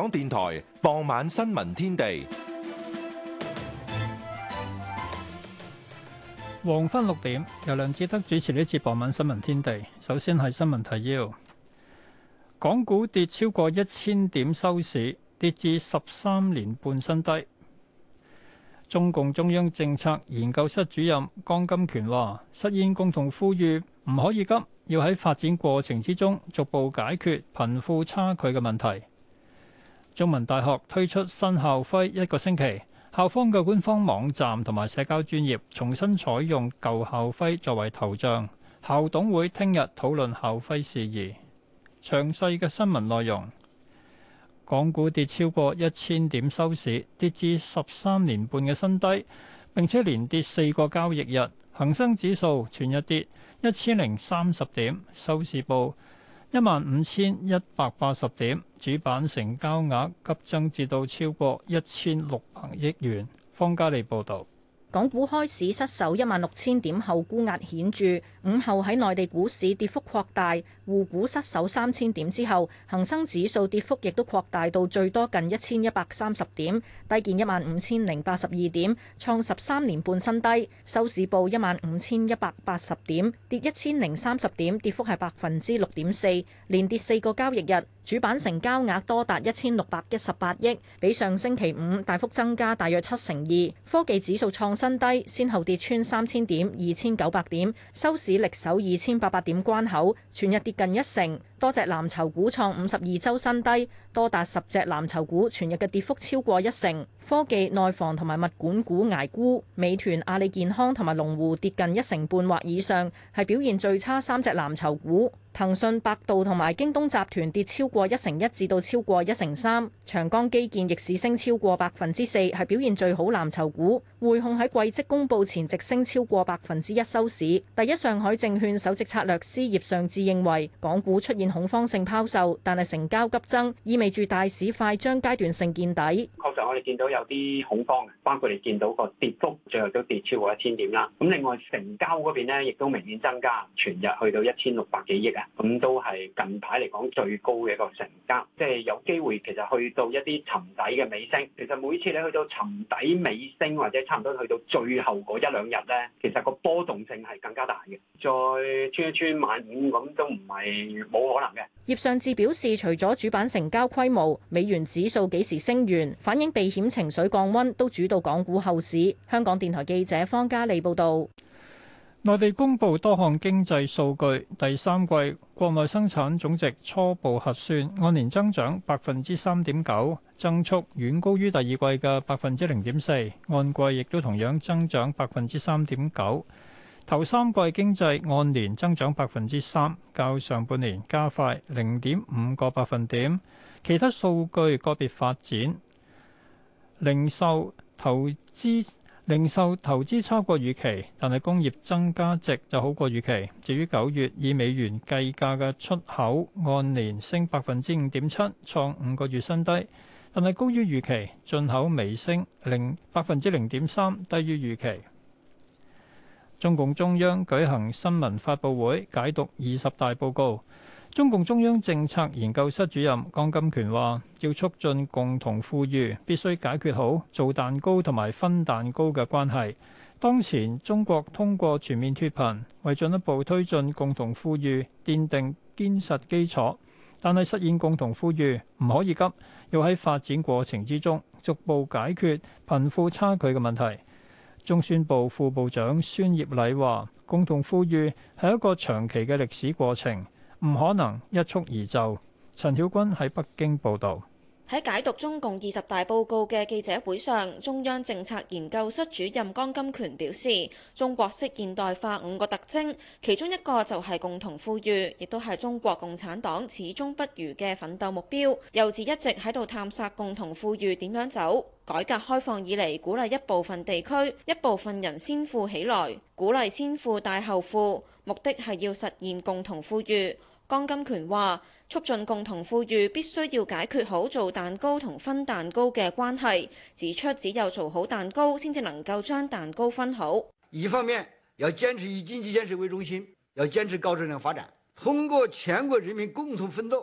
港電台傍晚新聞天地，黃昏六點由梁志德主持呢次傍晚新聞天地。首先係新聞提要：港股跌超過一千點收市，跌至十三年半新低。中共中央政策研究室主任江金權話，實現共同富裕唔可以急，要喺發展過程之中逐步解決貧富差距嘅問題。中文大學推出新校徽一個星期，校方嘅官方網站同埋社交專業重新採用舊校徽作為頭像。校董會聽日討論校徽事宜。詳細嘅新聞內容。港股跌超過一千點收市，跌至十三年半嘅新低，並且連跌四個交易日。恒生指數全日跌一千零三十點，收市報，一萬五千一百八十點，主板成交額急增至到超過一千六百億元。方家利報導。港股開市失守一萬六千點後，沽壓顯著。午後喺內地股市跌幅擴大，滬股失守三千點之後，恒生指數跌幅亦都擴大到最多近一千一百三十點，低見一萬五千零八十二點，創十三年半新低。收市報一萬五千一百八十點，跌一千零三十點，跌幅係百分之六點四，連跌四個交易日。主板成交額多達一千六百一十八億，比上星期五大幅增加大約七成二。科技指數創新低，先後跌穿三千點、二千九百點，收市力守二千八百點關口，全日跌近一成。多隻藍籌股創五十二週新低，多達十隻藍籌股全日嘅跌幅超過一成。科技、內房同埋物管股捱沽，美團、阿里健康同埋龍湖跌近一成半或以上，係表現最差三隻藍籌股。騰訊、百度同埋京東集團跌超過一成一至到超過一成三。長江基建逆市升超過百分之四，係表現最好藍籌股。匯控喺季績公布前，直升超過百分之一收市。第一上海證券首席策略師葉尚志認為，港股出現恐慌性拋售，但係成交急增，意味住大市快將階段性見底。確實，我哋見到有啲恐慌，包括你見到個跌幅，最後都跌超過一千點啦。咁另外成交嗰邊咧，亦都明顯增加，全日去到一千六百幾億啊。咁都係近排嚟講最高嘅一個成交，即係有機會其實去到一啲沉底嘅尾聲。其實每次你去到沉底尾聲或者差唔多去到最後嗰一兩日咧，其實個波動性係更加大嘅。再穿一穿萬五咁都唔係冇可能嘅。葉尚志表示，除咗主板成交規模，美元指數幾時升完，反映避險情緒降溫，都主導港股後市。香港電台記者方嘉利報道。內地公布多項經濟數據，第三季國內生產總值初步核算，按年增長百分之三點九，增速遠高於第二季嘅百分之零點四，按季亦都同樣增長百分之三點九。頭三季經濟按年增長百分之三，較上半年加快零點五個百分點。其他數據個別發展，零售投資、零售投資超過預期，但係工業增加值就好過預期。至於九月以美元計價嘅出口按年升百分之五點七，創五個月新低，但係高於預期；進口微升零百分之零點三，低於預期。中共中央舉行新聞發佈會，解讀二十大報告。中共中央政策研究室主任江金權話：要促進共同富裕，必須解決好做蛋糕同埋分蛋糕嘅關係。當前中國通過全面脫貧，為進一步推進共同富裕奠定堅實基礎。但係實現共同富裕唔可以急，要喺發展過程之中逐步解決貧富差距嘅問題。中宣部副部長孫業禮話：共同富裕係一個長期嘅歷史過程，唔可能一蹴而就。陳曉君喺北京報導。喺解讀中共二十大報告嘅記者會上，中央政策研究室主任江金權表示：中國式現代化五個特徵，其中一個就係共同富裕，亦都係中國共產黨始終不渝嘅奮鬥目標。由此一直喺度探索共同富裕點樣走。改革開放以嚟，鼓勵一部分地區、一部分人先富起來，鼓勵先富帶後富，目的係要實現共同富裕。江金權話，促進共同富裕必須要解決好做蛋糕同分蛋糕嘅關係，指出只有做好蛋糕，先至能夠將蛋糕分好。一方面要堅持以經濟建設為中心，要堅持高質量發展，通過全國人民共同奮鬥。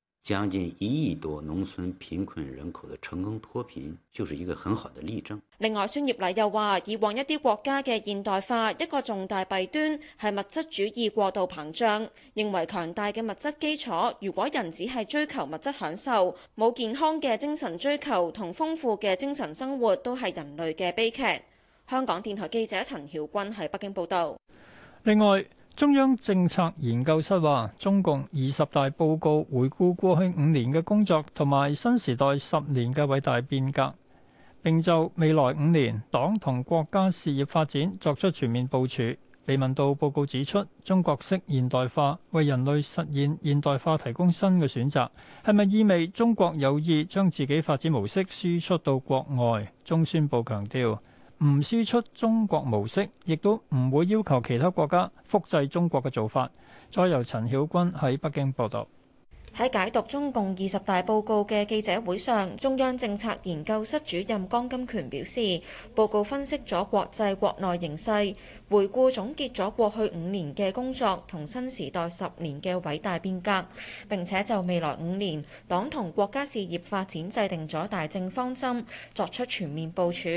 將近一億多農村貧困人口的成功脫貧，就是一個很好的例證。另外，孫業禮又話，以往一啲國家嘅現代化一個重大弊端係物質主義過度膨脹，認為強大嘅物質基礎，如果人只係追求物質享受，冇健康嘅精神追求同豐富嘅精神生活，都係人類嘅悲劇。香港電台記者陳曉君喺北京報道。另外。中央政策研究室話，中共二十大報告回顧過去五年嘅工作同埋新時代十年嘅偉大變革，並就未來五年黨同國家事業發展作出全面部署。被問到報告指出中國式現代化為人類實現現代化提供新嘅選擇，係咪意味中國有意將自己發展模式輸出到國外？中宣部強調。唔輸出中國模式，亦都唔會要求其他國家複製中國嘅做法。再由陳曉君喺北京報道。喺解讀中共二十大報告嘅記者會上，中央政策研究室主任江金權表示，報告分析咗國際國內形勢，回顧總結咗過去五年嘅工作同新時代十年嘅偉大變革，並且就未來五年黨同國家事業發展制定咗大政方針，作出全面部署。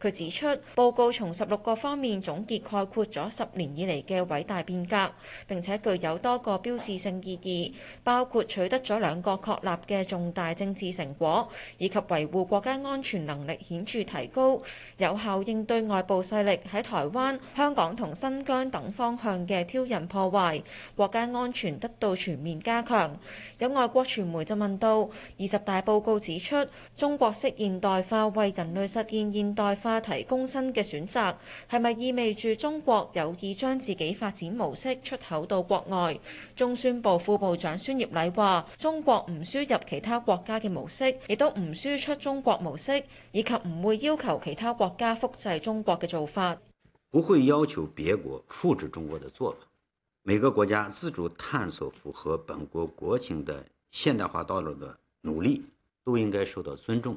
佢指出，報告從十六個方面總結概括咗十年以嚟嘅偉大變革，並且具有多個標誌性意義，包括取得咗兩個確立嘅重大政治成果，以及維護國家安全能力顯著提高，有效應對外部勢力喺台灣、香港同新疆等方向嘅挑釁破壞，國家安全得到全面加強。有外國傳媒就問到，二十大報告指出，中國式現代化為人類實現現代化，提供新嘅選擇係咪意味住中國有意將自己發展模式出口到國外？中宣部副部長孫業禮話：中國唔輸入其他國家嘅模式，亦都唔輸出中國模式，以及唔會要求其他國家複製中國嘅做法。不會要求別國複製中國的做法。每個國家自主探索符合本國國情的現代化道路的努力，都應該受到尊重。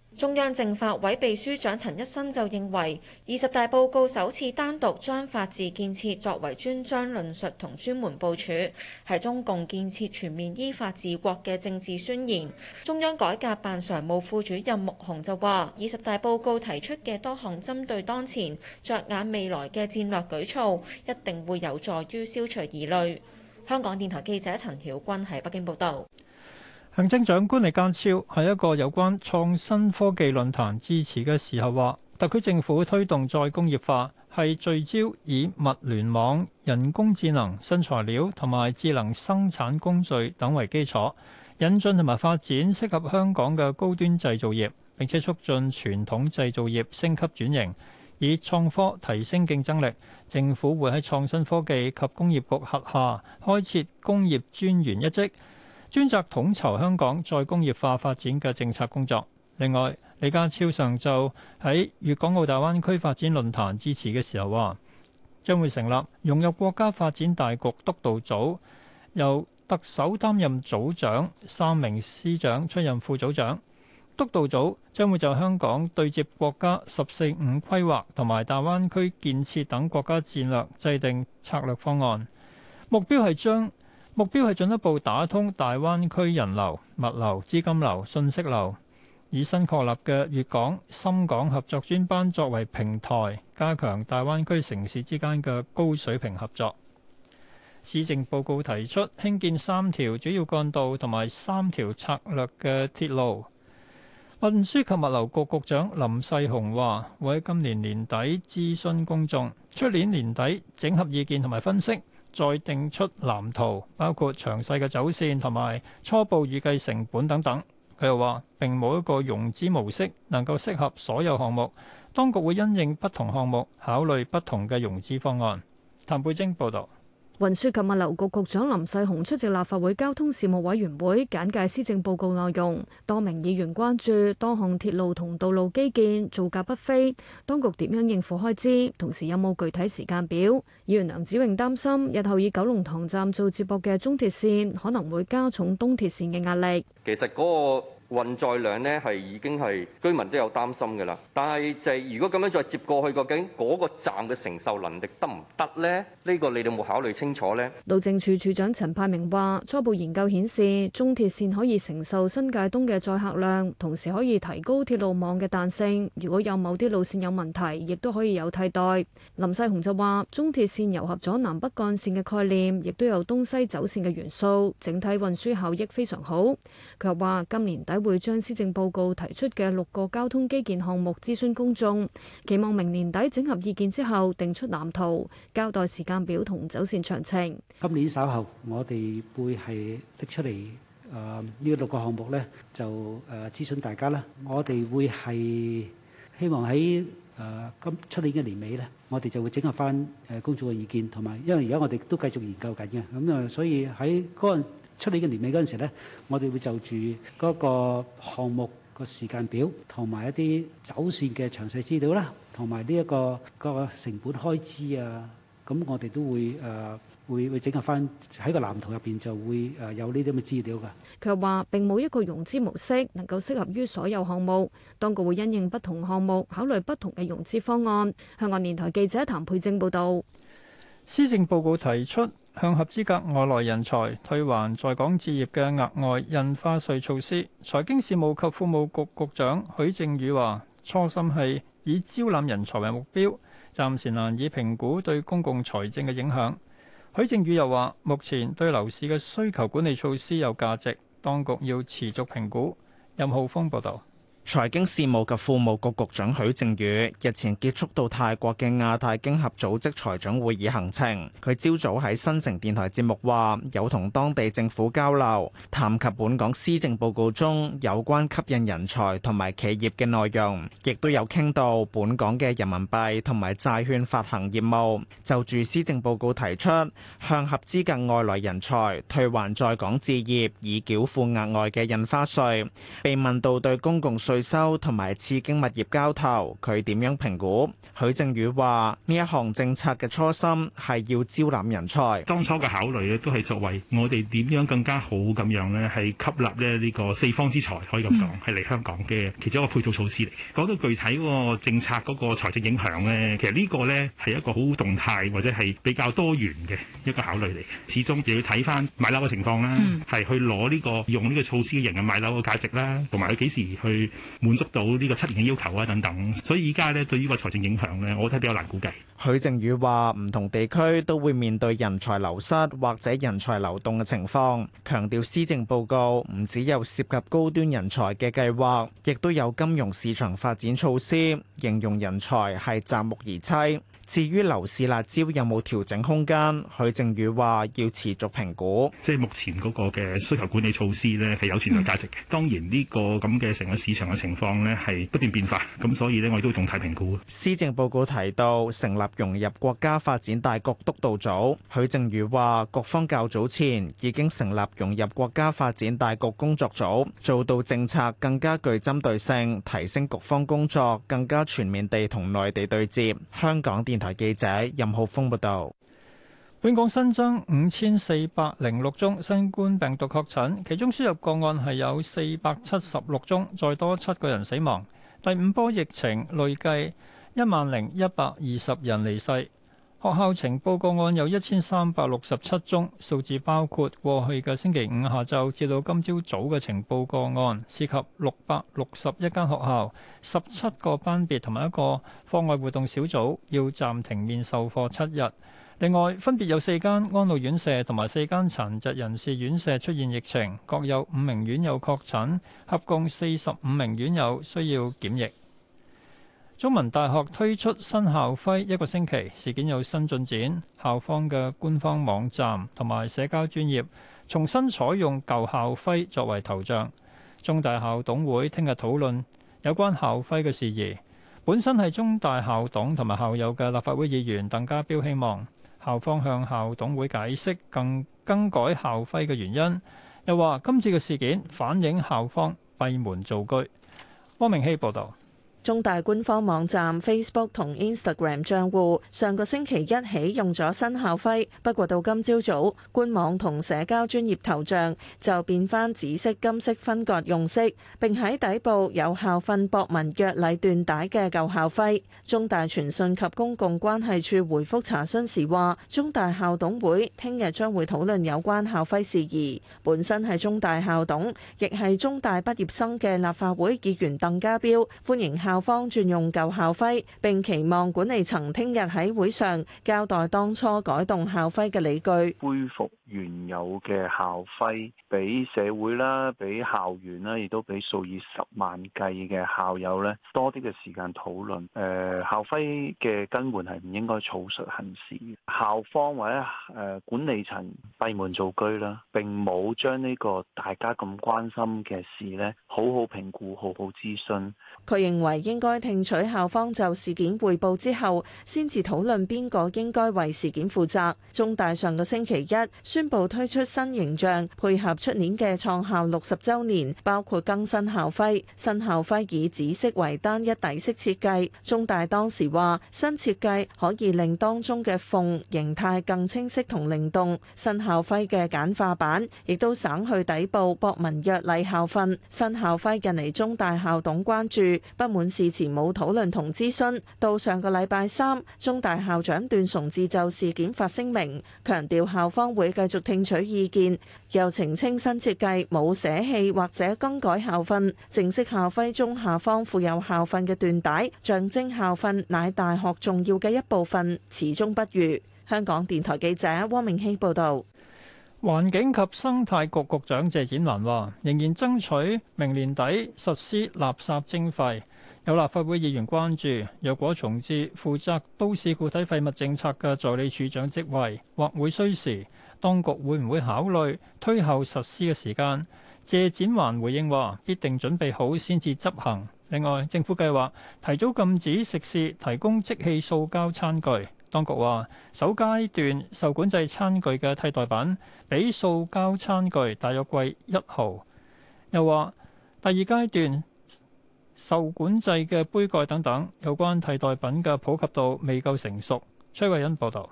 中央政法委秘書長陳一新就認為，二十大報告首次單獨將法治建設作為專章論述同專門部署，係中共建設全面依法治國嘅政治宣言。中央改革辦常務副主任穆虹就話，二十大報告提出嘅多項針對當前、着眼未來嘅戰略舉措，一定會有助於消除疑慮。香港電台記者陳曉君喺北京報道。行政長官李家超喺一個有關創新科技論壇致辭嘅時候話，特區政府推動再工業化，係聚焦以物聯網、人工智能、新材料同埋智能生產工序等為基礎，引進同埋發展適合香港嘅高端製造業，並且促進傳統製造業升級轉型，以創科提升競爭力。政府會喺創新科技及工業局轄下開設工業專員一職。專責統籌香港再工業化發展嘅政策工作。另外，李家超上晝喺粵港澳大灣區發展論壇致辭嘅時候話，將會成立融入國家發展大局督導組，由特首擔任組長，三名司長出任副組長。督導組將會就香港對接國家「十四五」規劃同埋大灣區建設等國家戰略，制定策略方案。目標係將目標係進一步打通大灣區人流、物流、資金流、信息流，以新確立嘅粵港、深港合作專班作為平台，加強大灣區城市之間嘅高水平合作。施政報告提出興建三條主要幹道同埋三條策略嘅鐵路。運輸及物流局局局長林世雄話：會喺今年年底諮詢公眾，出年年底整合意見同埋分析。再定出藍圖，包括詳細嘅走綫同埋初步預計成本等等。佢又話並冇一個融資模式能夠適合所有項目，當局會因應不同項目考慮不同嘅融資方案。譚貝晶報道。運輸及物流局局長林世雄出席立法會交通事務委員會，簡介施政報告內容。多名議員關注多項鐵路同道路基建造價不菲，當局點樣應付開支，同時有冇具體時間表？議員梁子榮擔心日後以九龍塘站做接駁嘅中鐵綫，可能會加重東鐵綫嘅壓力。其實嗰個運載量呢係已經係居民都有擔心㗎喇，但係就係如果咁樣再接過去，究竟嗰個站嘅承受能力得唔得呢？呢個你哋有冇考慮清楚呢？路政署署長陳派明話：初步研究顯示，中鐵線可以承受新界東嘅載客量，同時可以提高鐵路網嘅彈性。如果有某啲路線有問題，亦都可以有替代。林世雄就話：中鐵線糅合咗南北幹線嘅概念，亦都有東西走線嘅元素，整體運輸效益非常好。佢又話：今年底，會將施政報告提出嘅六個交通基建項目諮詢公眾，期望明年底整合意見之後定出藍圖，交代時間表同走線詳情。今年稍後，我哋會係拎出嚟，誒呢六個項目呢就誒諮詢大家啦。我哋會係希望喺誒今出年嘅年尾呢，我哋就會整合翻誒公眾嘅意見同埋，因為而家我哋都繼續研究緊嘅，咁啊所以喺嗰。出嚟嘅年尾嗰陣時咧，我哋會就住嗰個項目個時間表同埋一啲走線嘅詳細資料啦，同埋呢一個嗰個成本開支啊，咁我哋都會誒會會整合翻喺個藍圖入邊就會誒有呢啲咁嘅資料噶。佢話並冇一個融資模式能夠適合於所有項目，當局會因應不同項目考慮不同嘅融資方案。香港電台記者譚佩正報道。施政報告提出，向合資格外來人才退還在港置業嘅額外印花稅措施，財經事務及庫務局局長許正宇話：初心係以招攬人才為目標，暫時難以評估對公共財政嘅影響。許正宇又話：目前對樓市嘅需求管理措施有價值，當局要持續評估。任浩峰報導。財經事務及庫務局局長許正宇日前結束到泰國嘅亞太經合組織財長會議行程，佢朝早喺新城電台節目話，有同當地政府交流，談及本港施政報告中有關吸引人才同埋企業嘅內容，亦都有傾到本港嘅人民幣同埋債券發行業務。就住施政報告提出向合資格外來人才退還在港置業以繳付額外嘅印花稅，被問到對公共稅。收同埋刺激物業交投，佢點樣評估？許正宇話：呢一項政策嘅初心係要招攬人才。當初嘅考慮咧，都係作為我哋點樣更加好咁樣呢，係吸納咧呢個四方之才，可以咁講，係嚟香港嘅其中一個配套措施嚟嘅。講到具體個政策嗰個財政影響呢，其實呢個呢係一個好動態或者係比較多元嘅一個考慮嚟嘅。始終要睇翻買樓嘅情況啦，係去攞呢個用呢個措施嘅人嘅買樓嘅價值啦，同埋佢幾時去。滿足到呢個七年嘅要求啊等等，所以而家咧對呢個財政影響咧，我睇比較難估計。許正宇話：唔同地區都會面對人才流失或者人才流動嘅情況，強調施政報告唔只有涉及高端人才嘅計劃，亦都有金融市場發展措施，形容人才係擇木而棲。至於樓市辣招有冇調整空間？許正宇話要持續評估，即係目前嗰個嘅需求管理措施呢係有潛在價值嘅。當然呢個咁嘅成個市場嘅情況呢係不斷變化，咁所以呢我哋都仲睇評估。施政報告提到成立融入國家發展大局督導組，許正宇話各方較早前已經成立融入國家發展大局工作組，做到政策更加具針對性，提升局方工作更加全面地同內地對接。香港電台記者任浩峰報道，本港新增五千四百零六宗新冠病毒確診，其中輸入個案係有四百七十六宗，再多七個人死亡。第五波疫情累計一萬零一百二十人離世。學校呈報個案有一千三百六十七宗，數字包括過去嘅星期五下晝至到今朝早嘅呈報個案，涉及六百六十一間學校、十七個班別同埋一個課外活動小組，要暫停面授課七日。另外，分別有四間安老院舍同埋四間殘疾人士院舍出現疫情，各有五名院友確診，合共四十五名院友需要檢疫。中文大學推出新校徽一個星期，事件有新進展。校方嘅官方網站同埋社交專業重新採用舊校徽作為頭像。中大校董會聽日討論有關校徽嘅事宜。本身係中大校董同埋校友嘅立法會議員鄧家彪希望校方向校董會解釋更更改校徽嘅原因，又話今次嘅事件反映校方閉門造車。汪明熙報導。中大官方網站 Facebook 同 Instagram 賬戶，上個星期一起用咗新校徽，不過到今朝早，官網同社交專業頭像就變翻紫色、金色分割用色，並喺底部有校訓博文約禮緞帶嘅舊校徽。中大傳訊及公共關係處回覆查詢時話：中大校董會聽日將會討論有關校徽事宜。本身係中大校董，亦係中大畢業生嘅立法會議員鄧家彪歡迎校。校方轉用舊校徽，並期望管理層聽日喺會上交代當初改動校徽嘅理據，恢復原有嘅校徽，俾社會啦，俾校園啦，亦都俾數以十萬計嘅校友咧，多啲嘅時間討論。誒，校徽嘅更換係唔應該草率行事。校方或者誒，管理層閉門造車啦，並冇將呢個大家咁關心嘅事咧，好好評估，好好諮詢。佢認為應該聽取校方就事件匯報之後，先至討論邊個應該為事件負責。中大上個星期一，宣。宣布推出新形象，配合出年嘅創校六十周年，包括更新校徽。新校徽以紫色為單一底色設計。中大當時話，新設計可以令當中嘅鳳形態更清晰同靈動。新校徽嘅簡化版亦都省去底部博文約禮校訓。新校徽引起中大校董關注，不滿事前冇討論同諮詢。到上個禮拜三，中大校長段崇智就事件發聲明，強調校方會繼續。繼續聽取意見，又澄清新設計冇捨棄或者更改校訓。正式校徽中下方附有校訓嘅緞帶，象徵校訓乃大學重要嘅一部分，始終不渝。香港電台記者汪明熙報道。環境及生態局局長謝展寰話，仍然爭取明年底實施垃圾徵費。有立法會議員關注，若果重置負責都市固體廢物政策嘅助理處長職位，或會需時。當局會唔會考慮推後實施嘅時間？謝展寰回應話，必定準備好先至執行。另外，政府計劃提早禁止食肆提供即棄塑膠餐具。當局話，首階段受管制餐具嘅替代品比塑膠餐具大約貴一毫。又話，第二階段受管制嘅杯蓋等等，有關替代品嘅普及度未夠成熟。崔慧欣報道。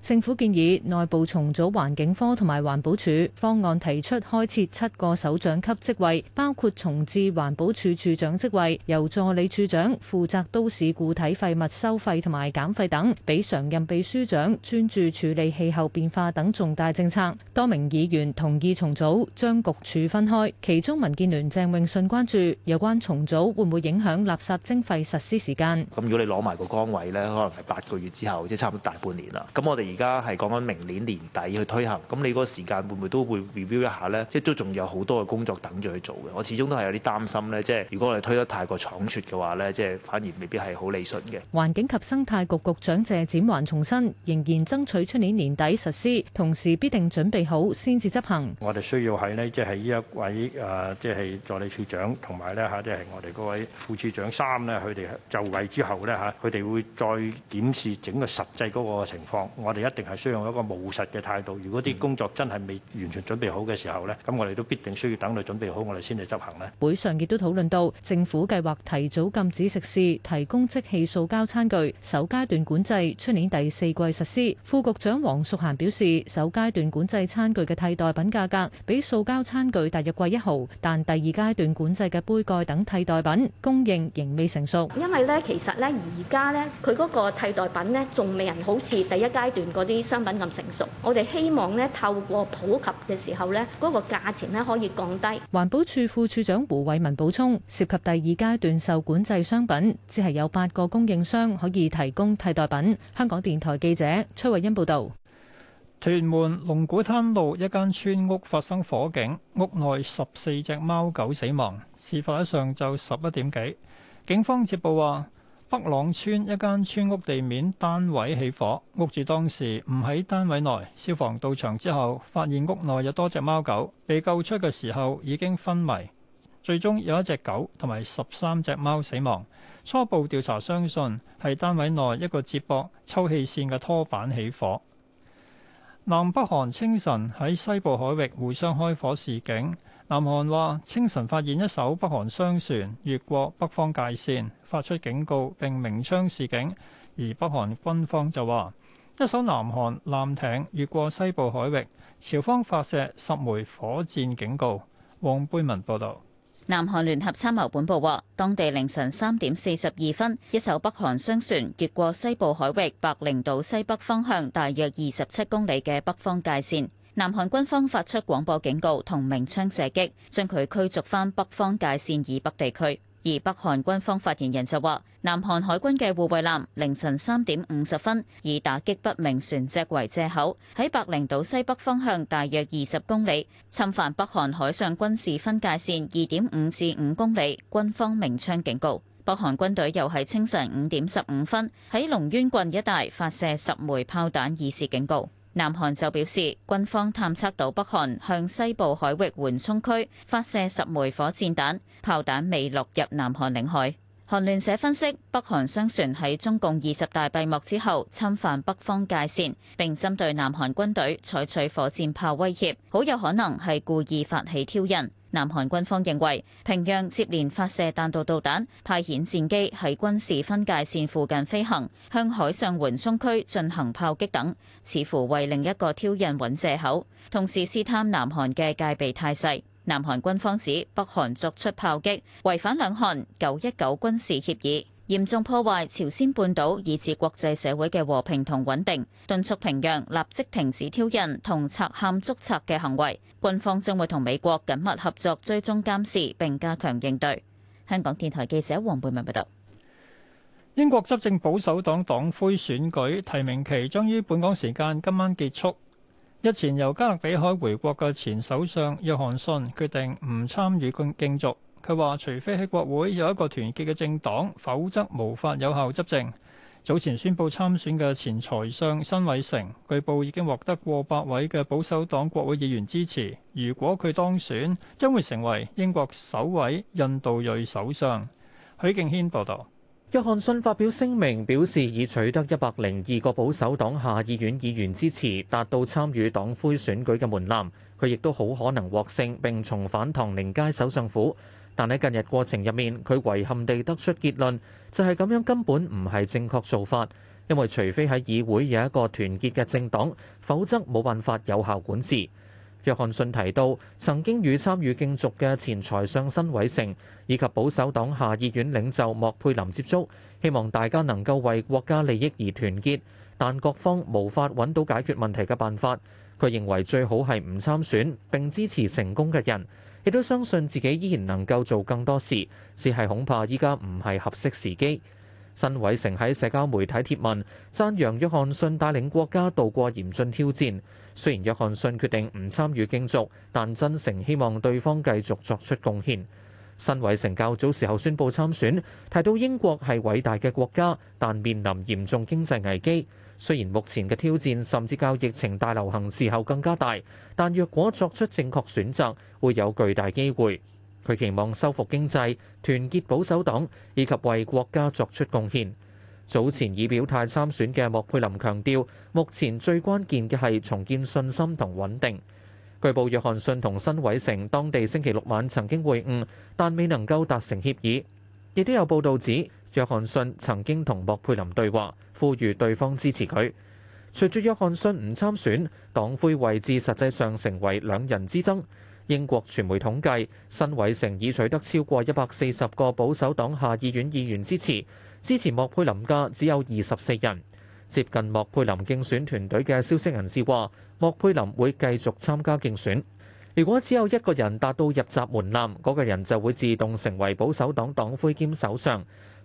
政府建議內部重組環境科同埋環保署，方案提出開設七個首長級職位，包括重置環保署署長職位，由助理署長負責都市固體廢物收費同埋減費等，俾常任秘書長專注處理氣候變化等重大政策。多名議員同意重組，將局署分開。其中民建聯鄭泳舜關注有關重組會唔會影響垃圾徵費實施時間。咁如果你攞埋個崗位呢，可能係八個月之後，即係差唔多大半年啦。咁我哋。而家係講緊明年年底去推行，咁你嗰個時間會唔會都會 review 一下咧？即係都仲有好多嘅工作等住去做嘅。我始終都係有啲擔心咧，即係如果我哋推得太過倉促嘅話咧，即係反而未必係好理順嘅。環境及生態局局長謝展寰重申，仍然爭取出年年底實施，同時必定準備好先至執行。我哋需要喺咧，即係呢一位誒即係助理處長同埋咧吓即係我哋嗰位副處長三咧，佢哋就位之後咧吓佢哋會再檢視整個實際嗰個情況。我哋。一定係需要一個務實嘅態度。如果啲工作真係未完全準備好嘅時候呢，咁我哋都必定需要等佢準備好，我哋先嚟執行呢。會上亦都討論到政府計劃提早禁止食肆提供即棄塑膠餐具，首階段管制出年第四季實施。副局長黃淑嫻表示，首階段管制餐具嘅替代品價格比塑膠餐具大約貴一毫，但第二階段管制嘅杯蓋等替代品供應仍未成熟。因為呢，其實呢，而家呢，佢嗰個替代品呢，仲未人好似第一階段。嗰啲商品咁成熟，我哋希望咧透過普及嘅時候咧，嗰個價錢咧可以降低。環保署副署長胡偉民補充，涉及第二階段受管制商品，只係有八個供應商可以提供替代品。香港電台記者崔慧欣報道。屯門龍鼓灘路一間村屋發生火警，屋內十四隻貓狗死亡。事發喺上晝十一點幾，警方接報話，北朗村一間村屋地面單位起火，屋主當時唔喺單位內。消防到場之後，發現屋內有多隻貓狗，被救出嘅時候已經昏迷。最終有一隻狗同埋十三隻貓死亡。初步調查相信係單位內一個接駁抽氣扇嘅拖板起火。南北韓清晨喺西部海域互相開火示警。南韓話清晨發現一艘北韓商船越過北方界線，發出警告並鳴槍示警。而北韓軍方就話，一艘南韓艦艇越過西部海域，朝方發射十枚火箭警告。黃貝文報道。南韓聯合參謀本部話，當地凌晨三點四十二分，一艘北韓商船越過西部海域白翎島西北方向大約二十七公里嘅北方界線。南韓軍方發出廣播警告同鳴槍射擊，將佢驅逐返北方界線以北地區。而北韓軍方發言人就話，南韓海軍嘅護衛艦凌晨三點五十分以打擊不明船隻為藉口，喺白翎島西北方向大約二十公里侵犯北韓海上軍事分界線二點五至五公里，軍方鳴槍警告。北韓軍隊又喺清晨五點十五分喺龍淵郡一帶發射十枚炮彈以示警告。南韓就表示，軍方探測到北韓向西部海域緩衝區發射十枚火箭彈，炮彈未落入南韓領海。韓聯社分析，北韓商船喺中共二十大閉幕之後侵犯北方界線，並針對南韓軍隊採取火箭炮威脅，好有可能係故意發起挑釁。南韓軍方認為平壤接連發射彈道導彈、派遣戰機喺軍事分界線附近飛行、向海上緩衝區進行炮擊等，似乎為另一個挑釁揾藉口，同時試探南韓嘅戒備態勢。南韓軍方指北韓作出炮擊，違反兩韓《九一九》軍事協議，嚴重破壞朝鮮半島以至國際社會嘅和平同穩定，敦促平壤立即停止挑釁同賊喊捉賊嘅行為。軍方將會同美國緊密合作，追蹤監視並加強應對。香港電台記者黃貝文報道。英國執政保守黨黨魁選舉提名期將於本港時間今晚結束。日前由加勒比海回國嘅前首相約翰遜決，決定唔參與競競逐。佢話：除非喺國會有一個團結嘅政黨，否則無法有效執政。早前宣布參選嘅前財相辛偉誠，據報已經獲得過百位嘅保守黨國會議員支持。如果佢當選，將會成為英國首位印度裔首相。許敬軒報導。約翰遜發表聲明表示，已取得一百零二個保守黨下議院議員支持，達到參與黨魁選舉嘅門檻。佢亦都好可能獲勝並重返唐寧街首相府。但喺近日過程入面，佢遺憾地得出結論，就係咁樣根本唔係正確做法，因為除非喺議會有一個團結嘅政黨，否則冇辦法有效管治。約翰遜提到，曾經與參與競逐嘅前財相辛偉誠以及保守黨下議院領袖莫佩林接觸，希望大家能夠為國家利益而團結，但各方無法揾到解決問題嘅辦法。佢認為最好係唔參選並支持成功嘅人。亦都相信自己依然能夠做更多事，只係恐怕依家唔係合適時機。辛偉誠喺社交媒體貼文讚揚約翰遜帶領國家度過嚴峻挑戰，雖然約翰遜決定唔參與競逐，但真誠希望對方繼續作出貢獻。辛偉誠較早時候宣布參選，提到英國係偉大嘅國家，但面臨嚴重經濟危機。雖然目前嘅挑戰甚至較疫情大流行時候更加大，但若果作出正確選擇，會有巨大機會。佢期望修復經濟、團結保守黨以及為國家作出貢獻。早前已表態參選嘅莫佩林強調，目前最關鍵嘅係重建信心同穩定。據報約翰遜同辛偉誠當地星期六晚曾經會晤，但未能夠達成協議。亦都有報導指，約翰遜曾經同莫佩林對話，呼籲對方支持佢。隨住約翰遜唔參選，黨魁位置實際上成為兩人之爭。英國傳媒統計，辛偉誠已取得超過一百四十個保守黨下議院議員支持，支持莫佩林嘅只有二十四人。接近莫佩林競選團隊嘅消息人士話，莫佩林會繼續參加競選。如果只有一個人達到入閘門檻，嗰個人就會自動成為保守黨黨魁兼首相。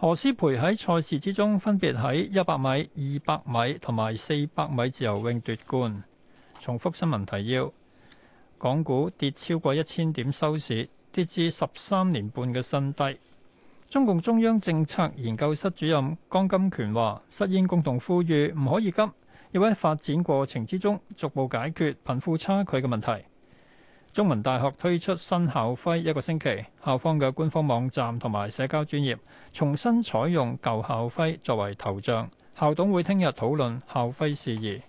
何思培喺賽事之中分別喺一百米、二百米同埋四百米自由泳奪冠。重複新聞提要：港股跌超過一千點收市，跌至十三年半嘅新低。中共中央政策研究室主任江金權話，實現共同富裕唔可以急，要喺發展過程之中逐步解決貧富差距嘅問題。中文大學推出新校徽，一個星期，校方嘅官方網站同埋社交專業重新採用舊校徽作為頭像。校董會聽日討論校徽事宜。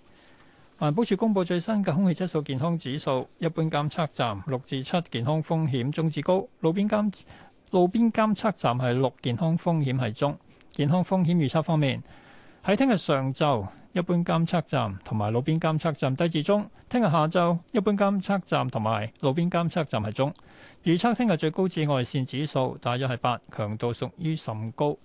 環保署公布最新嘅空氣質素健康指數，一般監測站六至七健康風險中至高，路邊監路邊監測站係六健康風險係中。健康風險預測方面，喺聽日上晝。一般監測站同埋路邊監測站低至中。聽日下晝一般監測站同埋路邊監測站係中。預測聽日最高紫外線指數大約係八，強度屬於甚高。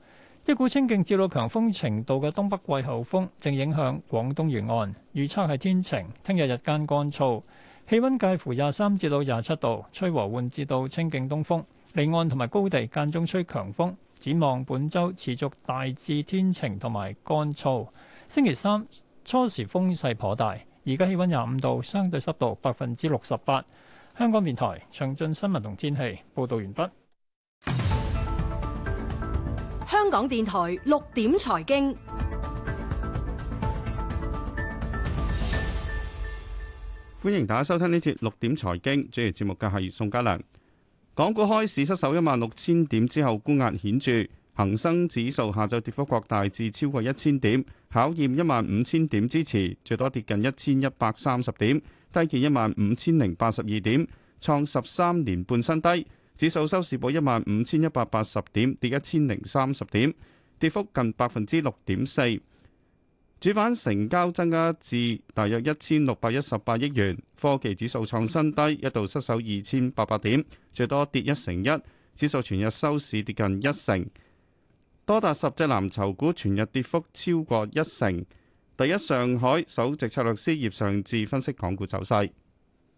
一股清勁至到強風程度嘅東北季候風正影響廣東沿岸，預測係天晴。聽日日間乾燥，氣温介乎廿三至到廿七度，吹和緩至到清勁東風。離岸同埋高地間中吹強風。展望本週持續大致天晴同埋乾燥。星期三初時風勢頗大，而家氣温廿五度，相對濕度百分之六十八。香港電台詳盡新聞同天氣報道完畢。香港電台六點財經，歡迎大家收聽呢節六點財經，主持節目嘅係宋家良。港股開市失守一萬六千點之後，沽壓顯著，恒生指數下晝跌幅擴大至超過一千點。考驗一萬五千點支持，最多跌近一千一百三十點，低見一萬五千零八十二點，創十三年半新低。指數收市報一萬五千一百八十點，跌一千零三十點，跌幅近百分之六點四。主板成交增加至大約一千六百一十八億元，科技指數創新低，一度失守二千八百點，最多跌一成一。指數全日收市跌近一成。多達十隻藍籌股全日跌幅超過一成。第一上海首席策略師葉尚志分析港股走勢。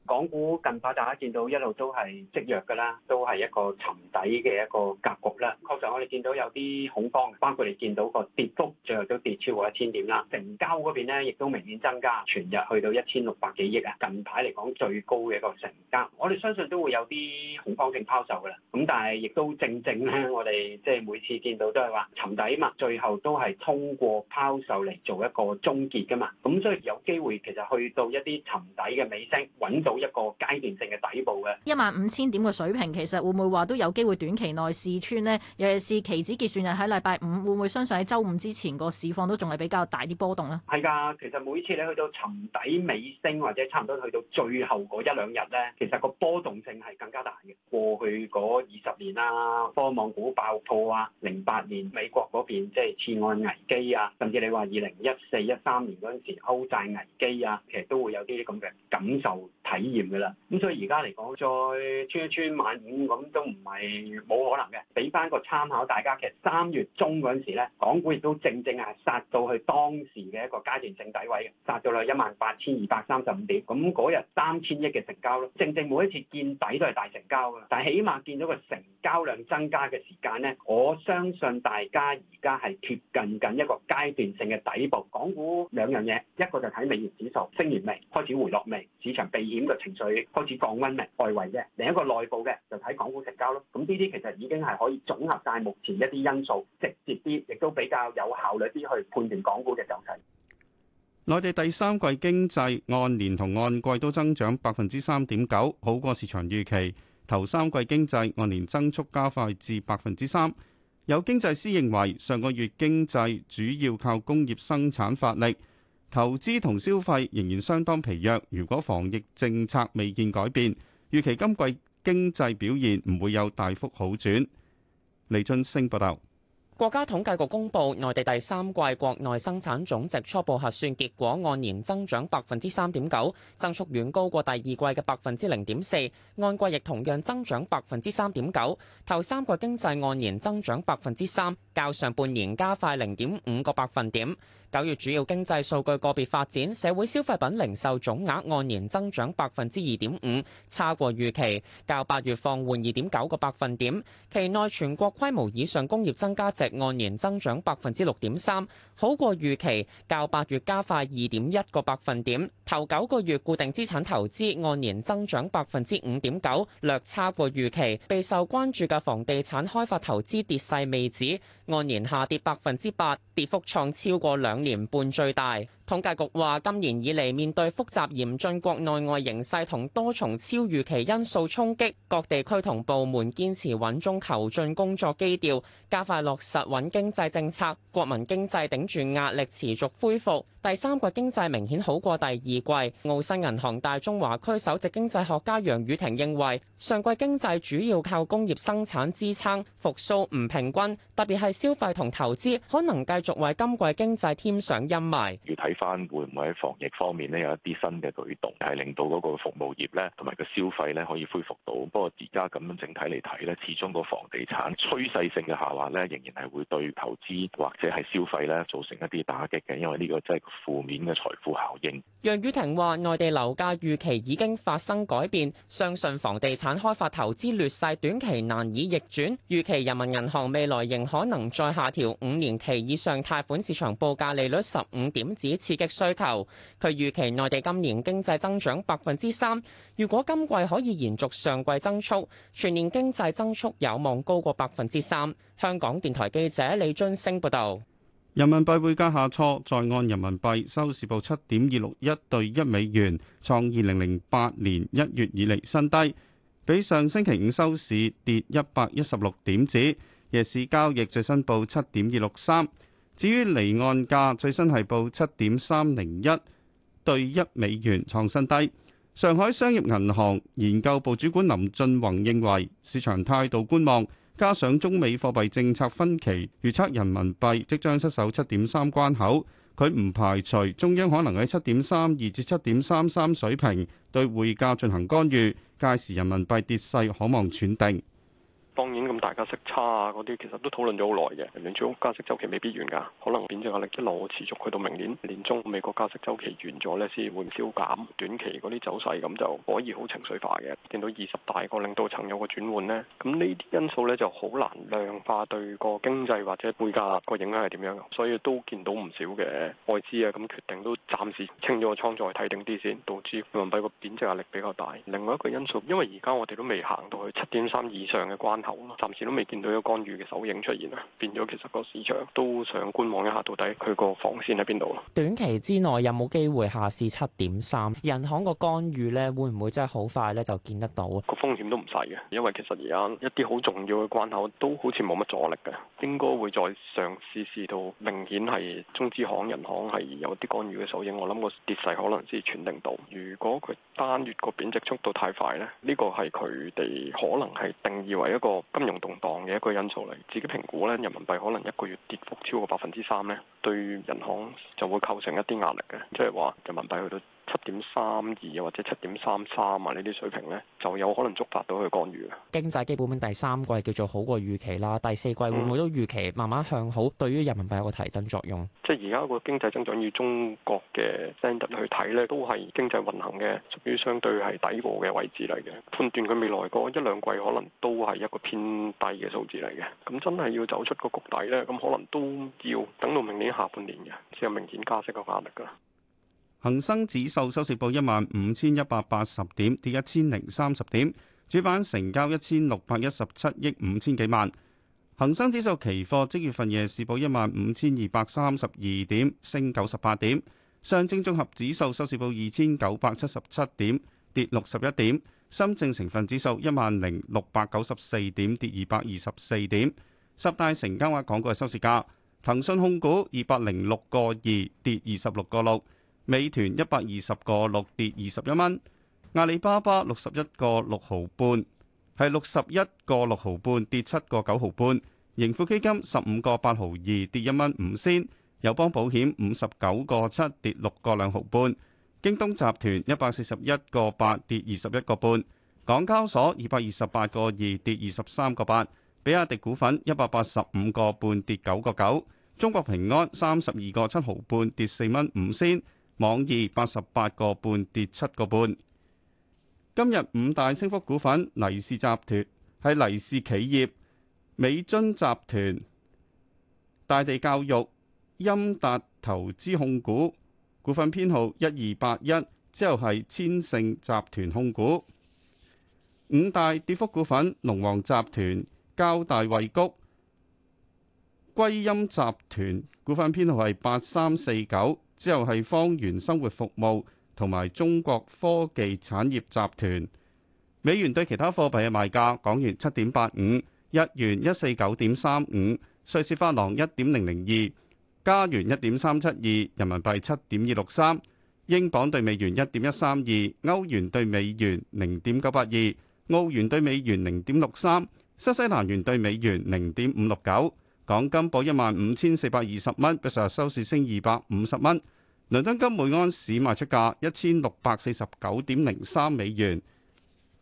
港股近排大家見到一路都係積弱㗎啦，都係一個沉底嘅一個格局啦。確實我哋見到有啲恐慌，包括你見到個跌幅最後都跌超過一千點啦。成交嗰邊咧亦都明顯增加，全日去到一千六百幾億啊！近排嚟講最高嘅一個成交，我哋相信都會有啲恐慌性拋售㗎啦。咁但係亦都正正咧，我哋即係每次見到都係話沉底嘛，最後都係通過拋售嚟做一個終結㗎嘛。咁所以有機會其實去到一啲沉底嘅尾聲，揾到，一個階段性嘅底部嘅一萬五千點嘅水平，其實會唔會話都有機會短期內試穿呢？尤其是期指結算日喺禮拜五，會唔會相信喺周五之前個市況都仲係比較大啲波動咧？係㗎，其實每次你去到尋底尾聲或者差唔多去到最後嗰一兩日咧，其實個波動性係更加大嘅。過去嗰二十年啦，科網股爆破啊，零八年美國嗰邊即係次按危機啊，甚至你話二零一四一三年嗰陣時歐債危機啊，其實都會有啲咁嘅感受體驗。嘅啦，咁、嗯、所以而家嚟講，再穿一穿萬五咁都唔係冇可能嘅。俾翻個參考，大家其實三月中嗰陣時咧，港股亦都正正係殺到去當時嘅一個階段性底位嘅，殺到啦一萬八千二百三十五點。咁嗰日三千億嘅成交咯，正正每一次見底都係大成交嘅。但係起碼見到個成交量增加嘅時間咧，我相信大家而家係貼近緊一個階段性嘅底部。港股兩樣嘢，一個就睇美元指數升完未，開始回落未，市場避險。情緒開始降溫，嚟外圍嘅另一個內部嘅就睇港股成交咯。咁呢啲其實已經係可以總合晒目前一啲因素，直接啲亦都比較有效率啲去判斷港股嘅走勢。內地第三季經濟按年同按季都增長百分之三點九，好過市場預期。頭三季經濟按年增速加快至百分之三。有經濟師認為，上個月經濟主要靠工業生產發力。投資同消費仍然相當疲弱，如果防疫政策未見改變，預期今季經濟表現唔會有大幅好轉。李津升報道，國家統計局公布內地第三季國內生產總值初步核算結果，按年增長百分之三點九，增速遠高過第二季嘅百分之零點四，按季亦同樣增長百分之三點九。頭三季經濟按年增長百分之三，較上半年加快零點五個百分點。九月主要經濟數據個別發展，社會消費品零售總額按年增長百分之二點五，差過預期，較八月放緩二點九個百分點。期內全國規模以上工業增加值按年增長百分之六點三，好過預期，較八月加快二點一個百分點。頭九個月固定資產投資按年增長百分之五點九，略差過預期。備受關注嘅房地產開發投資跌勢未止，按年下跌百分之八，跌幅創超過兩年半最大。統計局話今年以嚟，面對複雜嚴峻國內外形勢同多重超預期因素衝擊，各地區同部門堅持穩中求進工作基調，加快落實穩經濟政策，國民經濟頂住壓力持續恢復，第三季經濟明顯好過第二季。澳新銀行大中華區首席經濟學家楊宇霆認為上季經濟主要靠工業生產支撐復蘇唔平均，特別係消費同投資可能繼續為今季經濟添上陰霾。翻會唔會喺防疫方面咧有一啲新嘅舉動，係令到嗰個服務業咧同埋個消費咧可以恢復到。不過而家咁樣整體嚟睇咧，始終個房地產趨勢性嘅下滑咧，仍然係會對投資或者係消費咧造成一啲打擊嘅，因為呢個真係負面嘅財富效應。楊宇霆話，內地樓價預期已經發生改變，相信房地產開發投資劣勢短期難以逆轉，預期人民銀行未來仍可能再下調五年期以上貸款市場報價利率十五點子。刺激需求，佢預期內地今年經濟增長百分之三。如果今季可以延續上季增速，全年經濟增速有望高過百分之三。香港電台記者李津升報道：「人民幣匯價下挫，在岸人民幣收市報七點二六一對一美元，創二零零八年一月以嚟新低，比上星期五收市跌一百一十六點指，指夜市交易最新報七點二六三。至於離岸價最新係報七點三零一對一美元，創新低。上海商業銀行研究部主管林進宏認為，市場態度觀望，加上中美貨幣政策分歧，預測人民幣即將失守七點三關口。佢唔排除中央可能喺七點三二至七點三三水平對匯價進行干預，屆時人民幣跌勢可望喘定。當然咁大家息差啊嗰啲，其實都討論咗好耐嘅。兩組加息周期未必完㗎，可能貶值壓力一路持續去到明年年中。美國加息周期完咗呢，先會消減短期嗰啲走勢，咁就可以好情緒化嘅。見到二十大個領導層有個轉換呢，咁呢啲因素呢就好難量化對個經濟或者匯價個影響係點樣。所以都見到唔少嘅外資啊，咁決定都暫時清咗個倉再睇定啲先，導致人民幣個貶值壓力比較大。另外一個因素，因為而家我哋都未行到去七點三以上嘅關係。暫時都未見到有干預嘅手影出現啊，變咗其實個市場都想觀望一下，到底佢個防線喺邊度咯。短期之內有冇機會下試七點三？人行個干預呢，會唔會真係好快呢？就見得到啊？個風險都唔細嘅，因為其實而家一啲好重要嘅關口都好似冇乜阻力嘅，應該會再嘗試試到明顯係中資行、人行係有啲干預嘅手影。我諗個跌勢可能先係傳令到，如果佢單月個貶值速度太快呢，呢個係佢哋可能係定義為一個。個金融動盪嘅一個因素嚟，自己評估咧，人民幣可能一個月跌幅超過百分之三咧，對銀行就會構成一啲壓力嘅，即係話，人民幣去到。七點三二或者七點三三啊，呢啲水平呢就有可能觸發到佢干預啊。經濟基本面第三季叫做好過預期啦，第四季會唔會都預期慢慢向好？對於人民幣有個提振作用。嗯、即係而家個經濟增長與中國嘅 stand 去睇呢，都係經濟運行嘅屬於相對係底部嘅位置嚟嘅。判斷佢未來嗰一兩季可能都係一個偏低嘅數字嚟嘅。咁真係要走出個谷底呢，咁可能都要等到明年下半年嘅先有明顯加息嘅壓力㗎。恒生指數收市報一萬五千一百八十點，跌一千零三十點。主板成交一千六百一十七億五千幾萬。恒生指數期貨即月份夜市報一萬五千二百三十二點，升九十八點。上證綜合指數收市報二千九百七十七點，跌六十一點。深證成分指數一萬零六百九十四點，跌二百二十四點。十大成交額港股嘅收市價：騰訊控股二百零六個二，跌二十六個六。美團一百二十個六跌二十一蚊，阿里巴巴六十一個六毫半，係六十一個六毫半跌七個九毫半，盈富基金十五個八毫二跌一蚊五仙，友邦保險五十九個七跌六個兩毫半，京東集團一百四十一個八跌二十一個半，港交所二百二十八個二跌二十三個八，比亞迪股份一百八十五個半跌九個九，中國平安三十二個七毫半跌四蚊五仙。網易八十八個半跌七個半。今日五大升幅股份，黎氏集團係黎氏企業、美津集團、大地教育、鑫達投資控股股份編號一二八一，之後係千盛集團控股。五大跌幅股份，龍王集團、交大慧谷、歸音集團股份編號係八三四九。之後係方圓生活服務同埋中國科技產業集團。美元對其他貨幣嘅賣價：港元七點八五，日元一四九點三五，瑞士法郎一點零零二，加元一點三七二，人民幣七點二六三，英鎊對美元一點一三二，歐元對美元零點九八二，澳元對美元零點六三，新西蘭元對美元零點五六九。港金報一萬五千四百二十蚊，比實收市升二百五十蚊。倫敦金每盎司賣出價一千六百四十九點零三美元。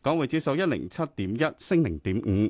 港匯指數一零七點一，升零點五。